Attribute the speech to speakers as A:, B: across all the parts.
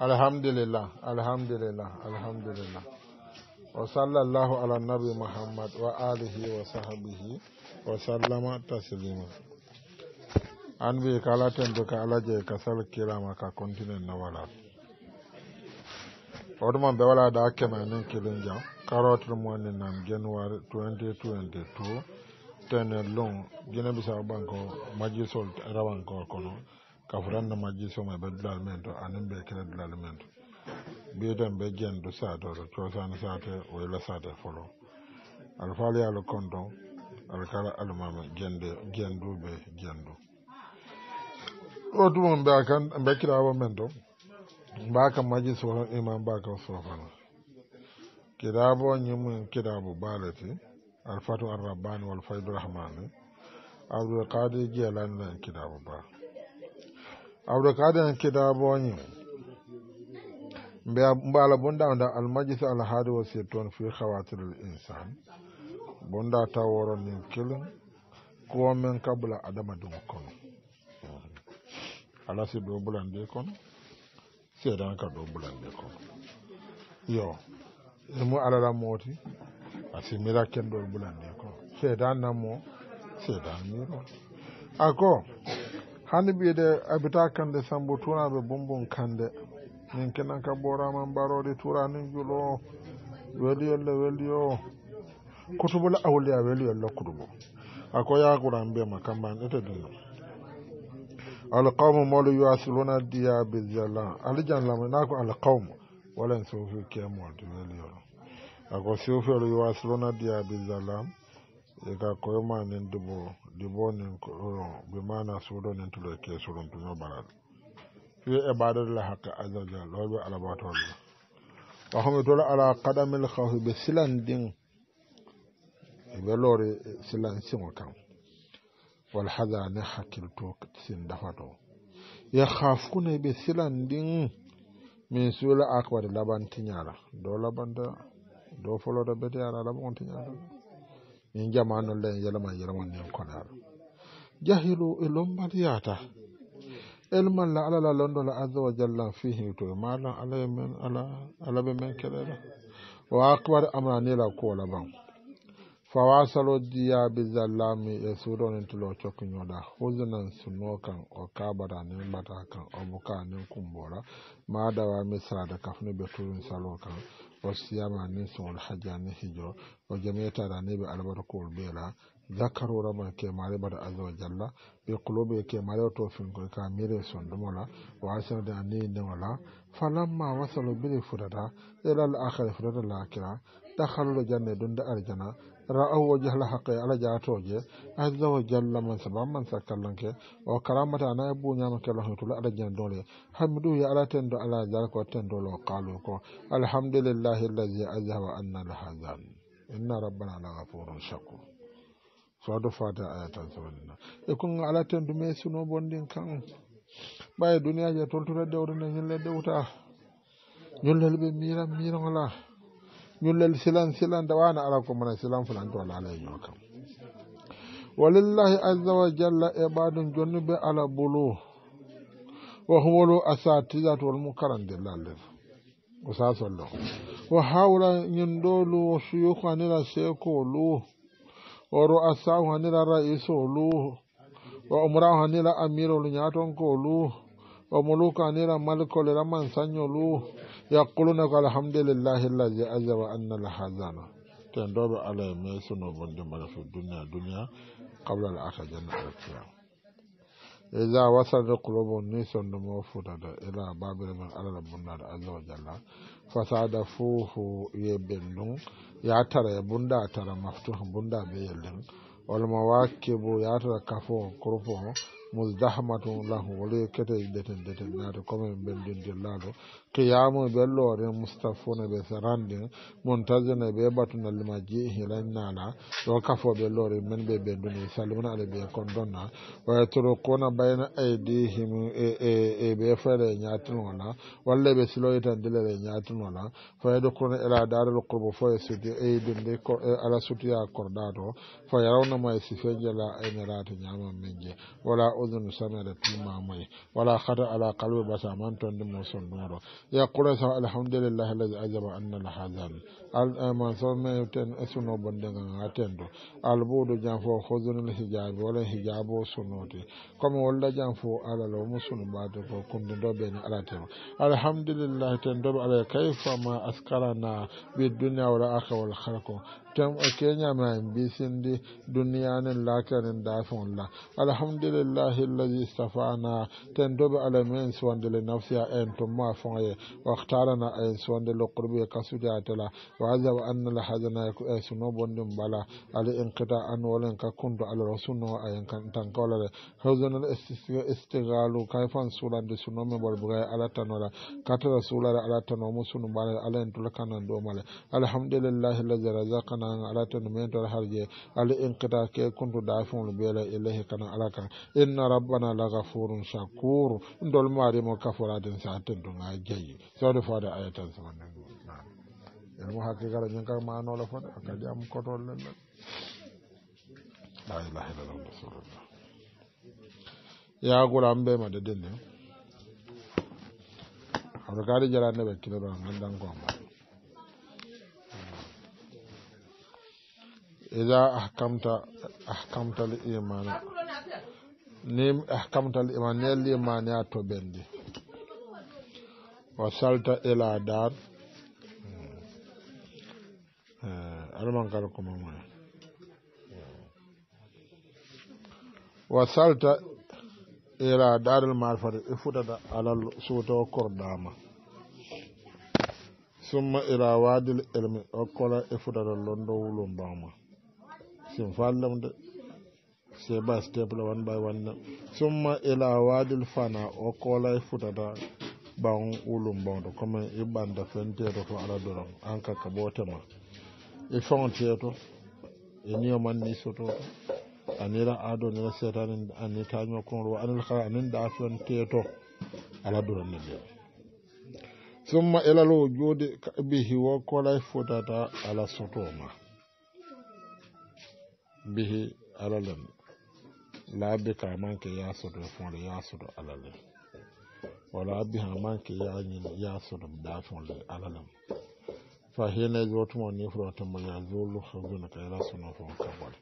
A: alhamdulillah alhamdulillah alhamdulillah wa sallallahu ala nabi muhammad wa alihi wa sahabihi wa sallama taslima an bi kalaten duka alaje ka kasal kirama ka kontinen na wala oɗuman ɓe wala da keme nin kilinja karotre moini nan january 2022 tene lon guine bisa banko majisol rawankor kono kafuranna majji soma ɓe dulal men to anin ɓe kene dulal men to biyeden ɓe jendu saatoɗo cosani saate o yila saate folo ala faal yaalo konto ala kala alumama jende jendu ɓe jendu o tumum ɓe akan ɓe kirawo men to mbaka majji sofa iman mbaka sofana kirabo ñimmin kirabo baaleti alfatu arrabbani wal fayidurahmani abdoul kadi jeelani len kirabo baa abdoulkaden kitaboñi mbiya bunda bondamda almajlis alhaadi wa sirtoon fi hawatiril insan ta taworo ni kilin kuwo men kabula adama dum kono ala si ɗo bulande kono da ka ɗo bulande kono yo mo alala mooti asi mira kenɗol bulande kono seedan nanmo seedan miro ako hannde mbiyede abita kande sambo tuunaaɓe bombon kande min kinan ka ɓoraman mbaroɗe turanin juulo weli yolle weli o kutubola awliya weli yolle kutubo a ko yaguran mbiyama kambani etedino alqawmu molo yasiluna diyabi jala alijanlama na ko alqawmu walan sofi kemode weli yolo ako sofiol yasiluna diyabi jalam ika koyma nin dubo dubo nin bimana suudo nin tule ke suruntuño baral fi ibadatulla e haqqe azza wa jal lowɓe alabatolla wa homi tola ala kadamil hawfi ɓe silan ɗin ɓe silan siŋo wal hada ne hakkilto sin dafato ya hafkune ɓe silan ɗin min suula akbade labantiñala dow labanta ala min jamanulen yelma yermanin konar jahilu e lombat yata elmalla alala londola aza wa jalla fihi to e mala alamen ala alaɓe men keɗeɗa o akbar amna nila kuola ban fawasalo diyabi zallami e suudonin tilo cokkiñoɗa husnan suno kan o kabata nin bata kan o buka nin kumbora madawa misrade kafni ɓe turin salo kan wasiyama nin sogol hajja ni hijo o jametara ni ɓe albarkowol beela zakkarorama kemare bada azza jalla ɓe kuloɓe kemare o to finkoy ka mire sondumola o asirde a ni ndewola falamma wasalo biri futata elal akhare futata lakira dakhalulo jarne dunde aljana ra aw wo jahla haqqe ala jaatoje azza wa jalla man saba man sakkallanke o karamata ana e buñamake lohetula ala jana dole hamidu ya ala tendo ala jala ko tendolo qalu ko alhamdulillahi allazi azhaba anna lhazan inna rabbana lagafurun shakur soado fata ayatan sabanina e kunga ala tendu me suno bonɗin kan ɓaye duniya je toltuta dewrene ñille dewta ñullel ɓe miran mirogala ñullel silan silan nde wano ala ko mana silan fulan to ala alayño kam walillahi aza wa jalla e ɓaɗum jonnu ɓe ala bulu wa huwalu asatijat wal mukarandillallir o sasolle ko wa hawla ñin ɗolu wo suyuku anira seko lu o ro asahu anira raiso lu wa umrahu anira amirolu ñaton ko lu o muluku anira malikolera man sañolu yaquluna ko alhamdulillahi allazi ajaba anna lahazana to ɗoɓe ala alay mai suno bonde mala fu duniya duniya qabla al ata janna alkiyama Iza wasal qulubu ni sondu mo da ila babir man alala bundaɗo azza wa jalla fasada fuhu ye ya tara ya bunda tara maftuha bunda be yellen wal mawakibu ya tara kafo kurfo musdahmatu lahu wala kete deten deten naate commen bendindir laaɗo qiyamu ɓe loore mustahfuna ɓe serande montagene ɓe ɓatunalle ma ji hilan nala ɗo kafoɓe loore men ɓe ɓendune salimna ala ɓe kondonna wayetrukuna bayna aidihim e ɓe fayre ñatinola walla ɓe siloyitandilere ñatinola fayedukuna ila daral qurbo fo e suti eydinde ala sutuya korɗa to fayawnama e sifejela enerate ñaman men je wala udun sana da tuma mai wala khata ala qalbi basa man ton dum son doro ya qurasa alhamdulillah alladhi ajaba annan lahazan alman eh, somme ten suno bondegan ha tendo albuɗo jan fo hosdunel hijabi wala hijabi o sunote comme wolla jan fo alala omo sunu ɓade fo kumdido ɓeni ala tema alhamdulillah ten doɓe alay kayfama askarana wala wal a kenya ma bisin di ne lakarin dafin la alhamdulillah lazi stafana dobe alamin suwan nafsiya en ma fonye wa eh, tara na en suwan ka tala وعذب أن لحظنا سنوب ندم بلا على انقطاع أنوالين كنت على رسولنا أين تنقل حزن الاستغالو كيف سورة دي سنوم بالبغاية على تنولا كتر سورة على تنوم سنوم بلا على انتلقنا دومال الحمد لله الذي رزقنا على تنمية الحرج على انقطاع كي كنت دافون بلا إليه كان على كان إن ربنا لغفور شكور ndol دول ماري kaforaden sa دون nga jeyi فادي fode ayatan نعم en mo hakki kala min kam manola fode hakkadi am kotol lelen la ilaha illallah rasulullah yagulam ɓe ma de denni haɗo kadi jarande ɓe kinoɗo gandankoma ida ahkamta ahkamta liman ni ahkamta liman ni liman ya to ɓendi wa salta ila dar aɗuman kara ko mamoya wa salta ila daril malfati i e futata alal suto kordama summa ila wadil ilmi o kola i e futata londo wulumbama sin fallemde se ba stepla wan bay wanne summa ila wadil fana o kola i e futata ban wulumbado comme i banda fentedo fo ala doron an kakka botema e fontiya to e niyoman ni soto to anira ado nira setani ani tañoo konro o anil kala anin ɗaafion te to ala duranni ndeen summa elalo juude bihi wo kolay fotata ala sotoma bihi alalen laabi ka manke ya soto e fonre ya soto alalen wala abi ha manke yañin ya soto ɗaafonle alalen fahila yotumo ni furatamo ya zolu hawjuna kayra suno fo kabal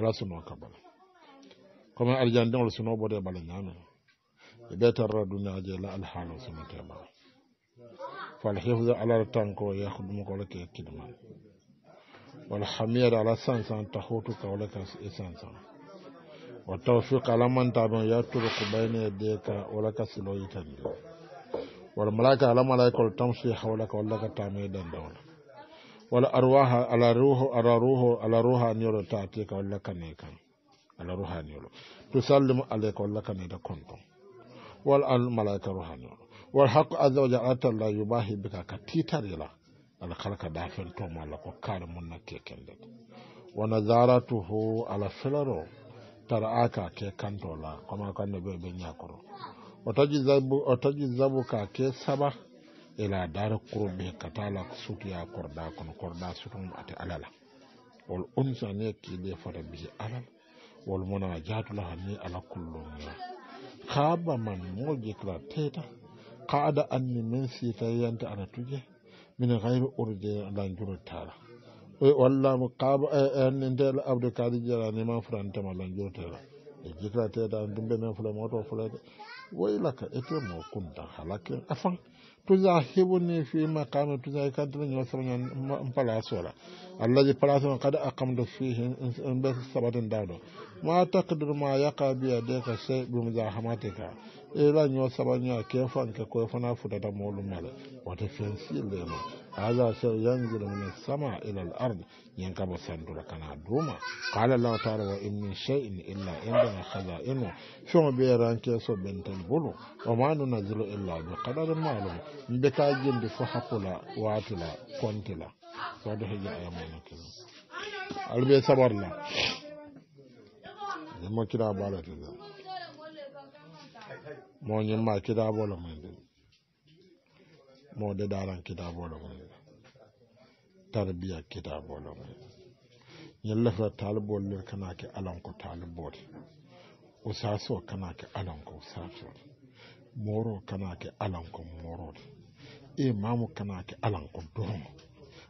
A: ra suno kabal comme arjandiŋol suno bode bala ñaame e ɓe tarra duniyaje la alhaala suno tema falhifde alal tanko yahdumu ko lake kidma wal hamiyade ala sansan tahutu kawle ka e sansan wa tawfiq ala mantaɓen yatturuku bayne e deeka wala ka silo yitande wala malaika ala malaikol tamsi hawlaka wallaka tame dandawla wala arwaha ala ruhu ala ruhu ala ruhaniyolo tatika wallaka ne kan ala ruhaniyolo tusallimu alayka wallaka ne da konton wal al malaika ruhaniyolo wal haqqu azza wa jalla talla yubahi bika ka titarila ala khalqa dafel to mala ko kare mun nakke kende wa nazaratuhu ala filaro taraka ke kantola zabu ka ke saba ila dar kurbe katala sutu ya korda kun korda sutun ati alala wal unsa ne kile fara bi alal wal mona la hani ala kullum ya khaba man moje kla teta qada anni min sitayanta yanta ana tuje min ghaibi urde lan juru tara e, walla mo qaba en e, ndel abdu kadir jara ne ma furanta ma lan juro tara e teta dumbe na fulo moto fulo wailaka ete mo kunda halakin afan tuza ne fi makami tuza ikantini nyosanya mpala sola allazi palasin kada akamda fihi mbes sabatin dawdo ma takdir ma yaka biya deka shay bi muzahamatika ila nyosa banya kefa nke kofa na futa da molu mala wata fensi lema هذا سينزل من السماء إلى الأرض ينكب سندر كان دوما قال الله تعالى وإن من شيء إلا عندنا خزائنه شو بيران كيسو بنت البلو وما ننزل إلا بقدر معلوم بكاجين بفحقلا واتلا كونتلا صدق هي أيامنا كذا albe sabarla yamma kira bala ta zama mo nyimma kira bola mai mawde daran kitaboɗo mum tarbiya kitaboɗo mum kana taalibol len kanake alanko taalibode usaso kanake alanko usasode moro kanake alanko morode imamu kanake alanko domo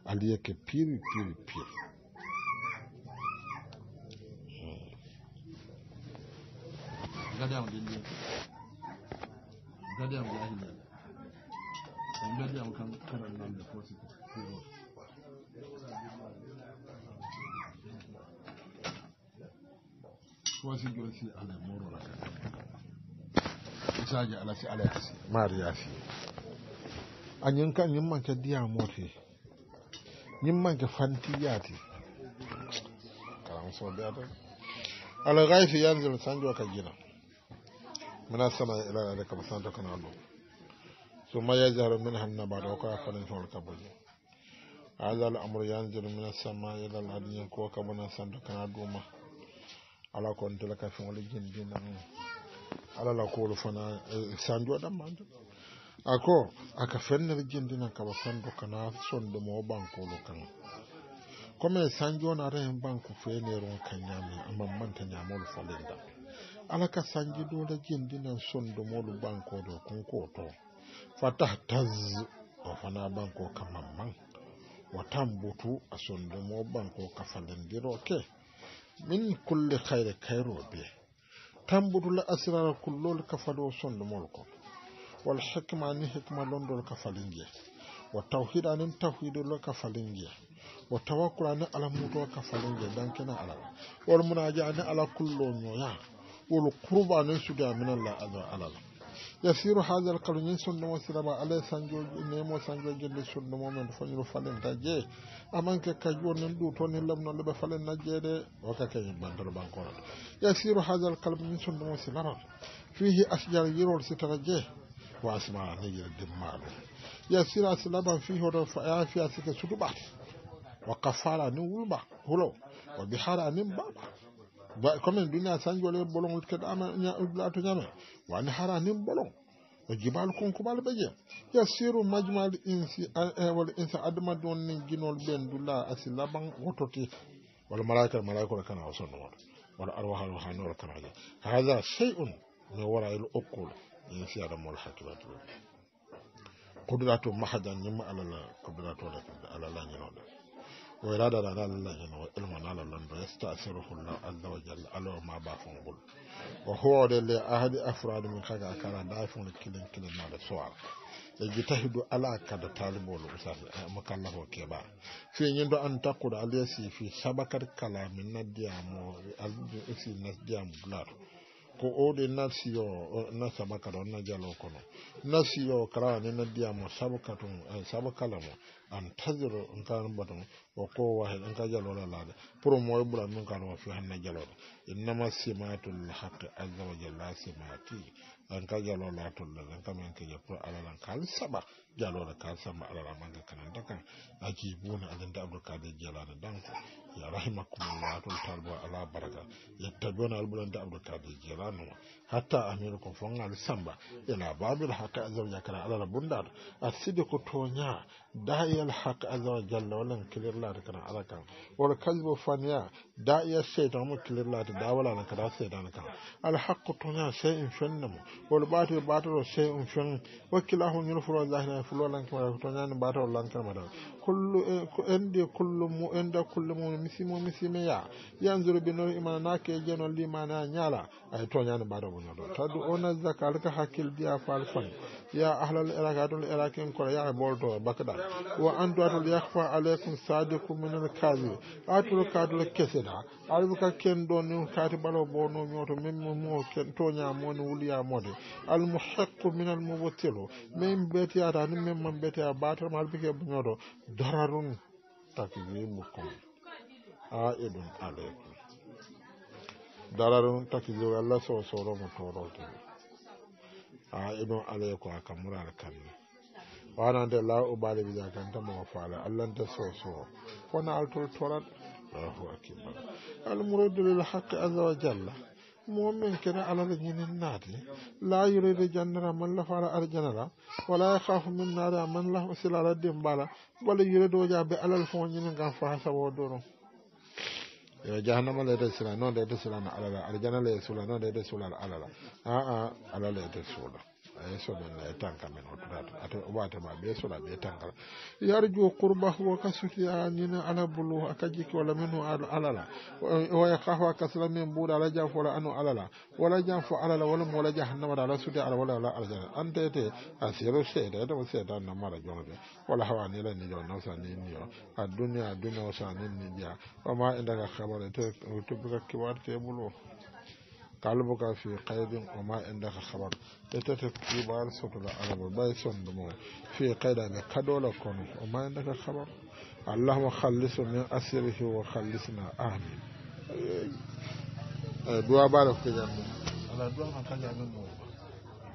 A: aliyeke piri piri piri Gadam gadi am gadi am en gardi am kam karan nonde fosi kuuro fosi josi ala morolata isaji ala si ala yasi maari yasi añin kan ñin manke diyamote ñin manke fantiyati kalam soɓe ata ala gayfi yanzil sanjo ka jina mina sama ila ala kaba santo ثم يجهر منها النبات وكافر فوق الكبوية هذا الأمر ينزل من السماء إلى الأرض وكبنا صندوقنا دوما على كنت لك في ولجين دينا على لا فنا سانجو دمان ako aka fennere jendina kaba sando kana sonde mo bankolo kana comme sanjo na rehen banku feneron kanyame amma manta nyamol falinda alaka sanji dole jendinan sondo molu bankodo kun ko to fatah o fana banko kamamman watan butu a sondomo banko ka falindiro ke min kulle hayre kayroɓe tan butu la asirara kullol kafalo falo ko wal hikma ni hikma londol ka falinje wa tawhid tawhidu lo ka falinje wa tawakkul anin alamuto ka dan kina ala wal munaja anin ala kullo ñoya wol qurba anin suda minallah ala ala yasiru haadal kaluñin sondumo sirama ala sañjoji nemo sañjojinde sondumo men fañino falenta je amanke ka jonin ɗu to ni lamnonde ɓe falenna jeede o kakeñin bantano bankorat yasiru haadal kalmuñin sondumo silama fihi asjal yirol sitara je wo asmaane yir dimmaɗu yasiru a silama fi hoto faya fiya sike sutuɓat wa kafara nin wulma hulo wa bihara nin baɓa comme duniya sanjole bolon wut da ama nya to nyame wani haranin bolon o jibal kon ko bal je ya siru majmal insi eh, eh, wal insa adama don ni ginol ben dula asilaban wototi wala malaika malaika kana wasan wala wala arwah al hanur kana je hada shay'un min wara al uqul insi adam wal hakimatu qudratu mahadan nim alala qudratu alala ni wera da rana lullahi na wa'il manana lambar ya sta asin ruhun nan an zawa jalla alawa ma ba fun gul wa huwa le ahadi afra da mun kaga kana da afun kilin kilin na da suwa da ta hidu alaka da talibu da usa a makallafa ke ba fi yin an taku da aliyasi fi sabakar kalamin na diyamu albin isi na diyamu blar ko ode na siyo na sabakar wannan jalo kono na siyo kara ne na diyamu sabakar kalamin an taziro n kan batun wa ko wahid n ka jalo la lada pour moy bula min kan wa fi hanna jalo innama simatul haka azza wa jalla simati an ka jalo la to la an ka men ke je pour ala lan kal saba jalo la kal saba ala lan man kan da kan aki bona adan da abdul kadir jalala dan ko ya rahimakumullah to talba ala baraka yattabuna al bulanda abdul kadir jalala hatta amirukum al samba ila babil haqqi azza wa jalla ala bundar asidiku tonya da ya haƙa azawa jalla wannan kilir lati kana alaka wani kalbo faniya da ya sai ta mu kilir lati da wala na kada sai da na ka alhaƙa tuna in fen namu wani batu ya batu da sai in a wakila hun yi furuwa zahi na fulo lan kama da fito ya ni batu lan kama da kullu en de kullu mu en da kullu mu mu misi me ya yan zuru bi na ke je no lima na nyala ay to ya ni batu mu do ta du ona ka hakil dia fal fan ya ahlal iraqatul iraqin kora ya bolto bakda وأنتم أتل يخفى عليكم صادق من الكاذب أتل كاتل كسدا ألبك كن دون كاتب على بونو نيوتو مم مو كن تونيا مون وليا مودي المحق من المبتل من بيتي أتاني من من بيتي أباتر مالبك بنيوتو ضرر تكذيبكم عائد عليكم ضرر تكذيب الله سوى سورة مطورة عائد عليكم أكمل الكلمة wanande la ubali ɓiɗa ta tamawa faala allahanta sosowo wona altol torat allahu akibar almuradulil haqqe asa wa jalla momin kene alala ñinin naati la da jannara man lafaala arjanala wala yakhafu min nada a man lafa silala dimbala wala yuridoja be alal fo ñinin kan fa sawo doron yo jahannama la da sila noon da sila na alala arjana la e sula noon da ete sulala alala aa alala ete suula ay na ya tanka men watema ɓe soɗa ɓe tankala yarju qurbahu wa a nina ala bulu min alala waya kahwa kasla min ala wala anu alala wala alala wala wala ala ala wala a seeɗo seeɗa eɗemo seeɗa nammaɗa jonode wala hawa ni jo ni a duniya duniya o sa nin ni jeya wama kalbuka fi qaidin wa ma ka khabar ita ta ki ba sautu da arabu bai son da mu fi qaida da kadola kono wa ma khallisu min asrihi wa khallisna amin duwa ba da kuke jami'a ala duwa kan jami'a mu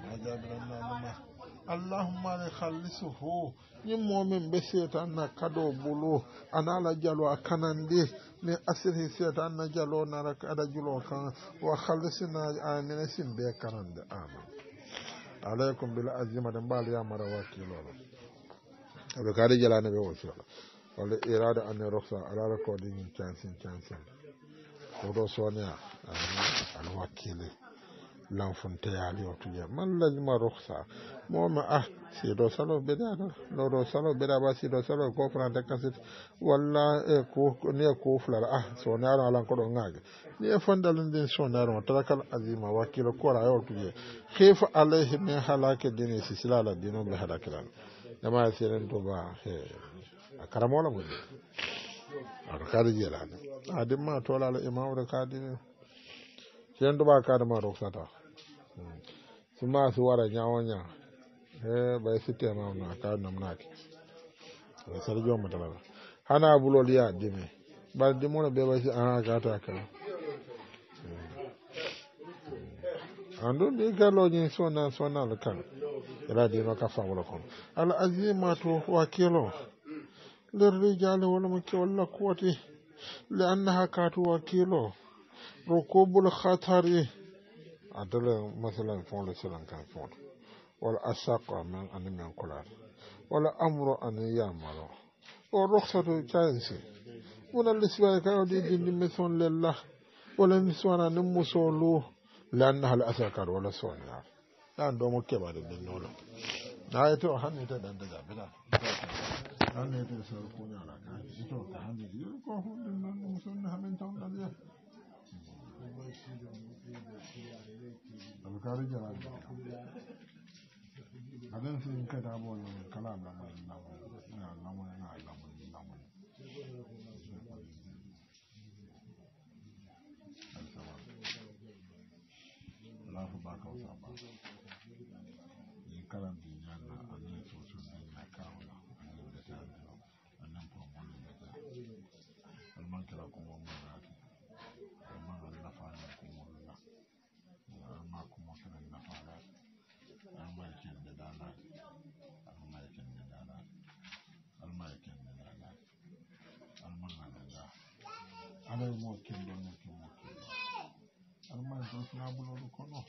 A: ma na ma allahumma ne halisu ho yin momin miŋ be seetan na kad'o bulu ana la jalo a kanandi ni asiri seetan na jalo nara kada juloo kaŋ wa halisina a mine sin bee kanandi ama alaykum bil azimati mbaal yamara wakiiloola aɓe kaadi lanfunteyali o tuje man lajma ma ah si do salo beɗaɗo do salo beɗaba sido salo ko frante kasit walla ni e ku fulara a sonaro alan koɗo gage ni e fondalindin sonaroma tarakal azima wakkilo kora yol tuje hifa alayhi min halake dini sisilala dinoɓe halakilan jama siren toba
B: a karamola muɗi
A: aɗo kadi jeelani adimma tolala imawre kadine sen ɗuɓa kadema roksata hmm. suma su wara ñawoña e eh, ɓay sittemamna kadnamnaki ɓe sarjomo talala hana bulol ya dime ɓar dimona ɓe ɓay si aha gata ka hmm. Hmm. andun ɗi ni sona sonal kan ila dino ka fawla kon al azimatu wakilo lirrijali walma kewalla kuwati li annaha katu wakilo rukubul khatari adala masalan fonda silan kan fonda wala asaqwa man an min kulal wala amru an yamaro o wala liswa wala miswana nim musolu alkari jara adan sun ka da bo nan kala na na na na na na na na Allahu baka wa saba. Ni kalan duniya na amin sosun kawo na amin da ta annan kuma wani da ta. kira kuma almarikendiɗana almarikendiɗana almarikendiɗana almanaɗaɗa alay mo kendo moke mo kendo almari ɗo sinabulolu kono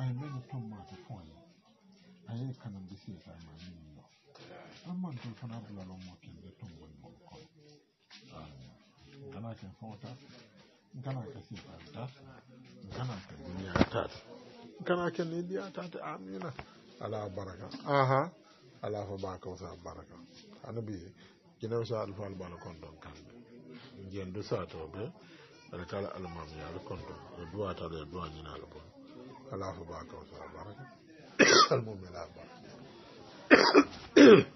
A: ay meni tommata foño aye kanan bisiyetama minno alman ɗo sinabulalo mo kende tommon mon kono gana ken fota gana ka siyata gana ka duniya kana ken ni biya ta amina ala baraka aha ala fa ba ka sa baraka anabi jinaw sa alfa albala kon don kan jendu sa to be alkala almam ya kon don e duwa ta da duwa ni na albon ala fa ba ka sa baraka almu'mina baraka